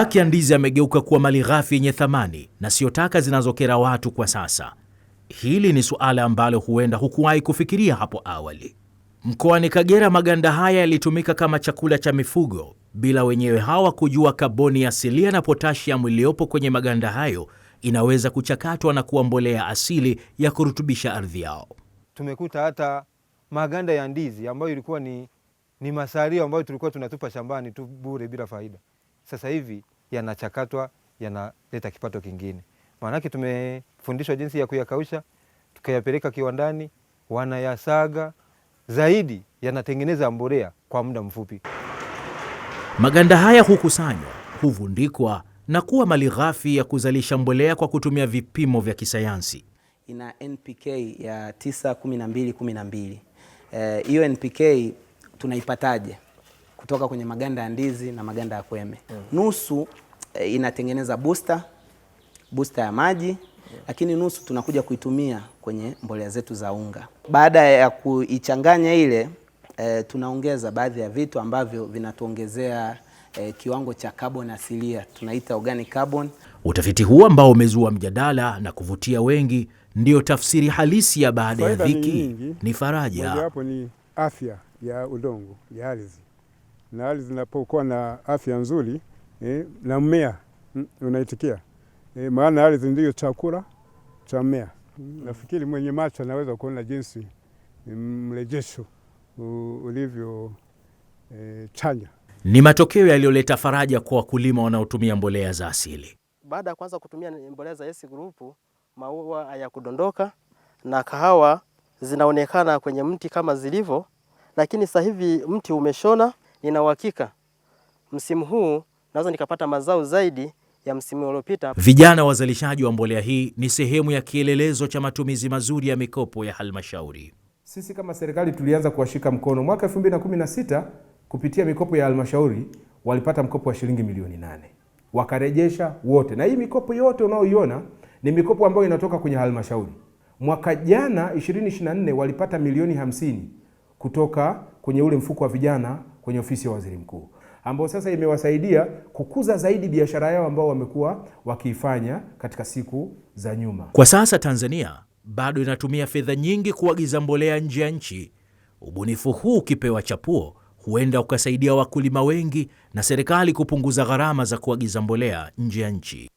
Baki ya ndizi amegeuka kuwa mali ghafi yenye thamani na sio taka zinazokera watu kwa sasa. Hili ni suala ambalo huenda hukuwahi kufikiria hapo awali. Mkoani Kagera, maganda haya yalitumika kama chakula cha mifugo bila wenyewe hawa kujua kaboni asilia na potasiamu iliyopo kwenye maganda hayo inaweza kuchakatwa na kuwa mbolea asili ya kurutubisha ardhi yao. Tumekuta hata maganda ya ndizi ambayo ilikuwa ni, ni masalio ambayo tulikuwa tunatupa shambani tu bure bila faida sasa hivi yanachakatwa, yanaleta kipato kingine. Maanake tumefundishwa jinsi ya kuyakausha, tukayapeleka kiwandani, wanayasaga zaidi, yanatengeneza mbolea kwa muda mfupi. Maganda haya hukusanywa, huvundikwa na kuwa mali ghafi ya kuzalisha mbolea kwa kutumia vipimo vya kisayansi. Ina NPK ya 9 12 12. Hiyo NPK tunaipataje? kutoka kwenye maganda ya ndizi na maganda ya kweme. mm Nusu e, inatengeneza booster, booster ya maji yeah. Lakini nusu tunakuja kuitumia kwenye mbolea zetu za unga. Baada ya kuichanganya ile e, tunaongeza baadhi ya vitu ambavyo vinatuongezea e, kiwango cha carbon asilia, tunaita organic carbon. Utafiti huu ambao umezua mjadala na kuvutia wengi ndiyo tafsiri halisi ya baada ya dhiki ni, ni faraja. Hapo ni afya ya udongo ya ardhi na hali zinapokuwa na afya nzuri eh, na mmea mm, unaitikia eh, maana ardhi ndiyo chakula cha mmea. Nafikiri mwenye macho anaweza kuona jinsi mm, mrejesho ulivyo eh, chanya. Ni matokeo yaliyoleta faraja kwa wakulima wanaotumia mbolea za asili. Baada ya kwanza kutumia mbolea za s Group, maua hayakudondoka na kahawa zinaonekana kwenye mti kama zilivyo, lakini sasa hivi mti umeshona nina uhakika msimu huu naweza nikapata mazao zaidi ya msimu uliopita. Vijana wazalishaji wa mbolea hii ni sehemu ya kielelezo cha matumizi mazuri ya mikopo ya halmashauri. Sisi kama serikali tulianza kuwashika mkono mwaka 2016 kupitia mikopo ya halmashauri, walipata mkopo wa shilingi milioni nane wakarejesha wote, na hii mikopo yote unaoiona ni mikopo ambayo inatoka kwenye halmashauri. Mwaka jana 2024 walipata milioni hamsini kutoka kwenye ule mfuko wa vijana kwenye ofisi ya waziri mkuu, ambao sasa imewasaidia kukuza zaidi biashara yao ambao wamekuwa wakiifanya katika siku za nyuma. Kwa sasa Tanzania bado inatumia fedha nyingi kuagiza mbolea nje ya nchi. Ubunifu huu ukipewa chapuo huenda ukasaidia wakulima wengi na serikali kupunguza gharama za kuagiza mbolea nje ya nchi.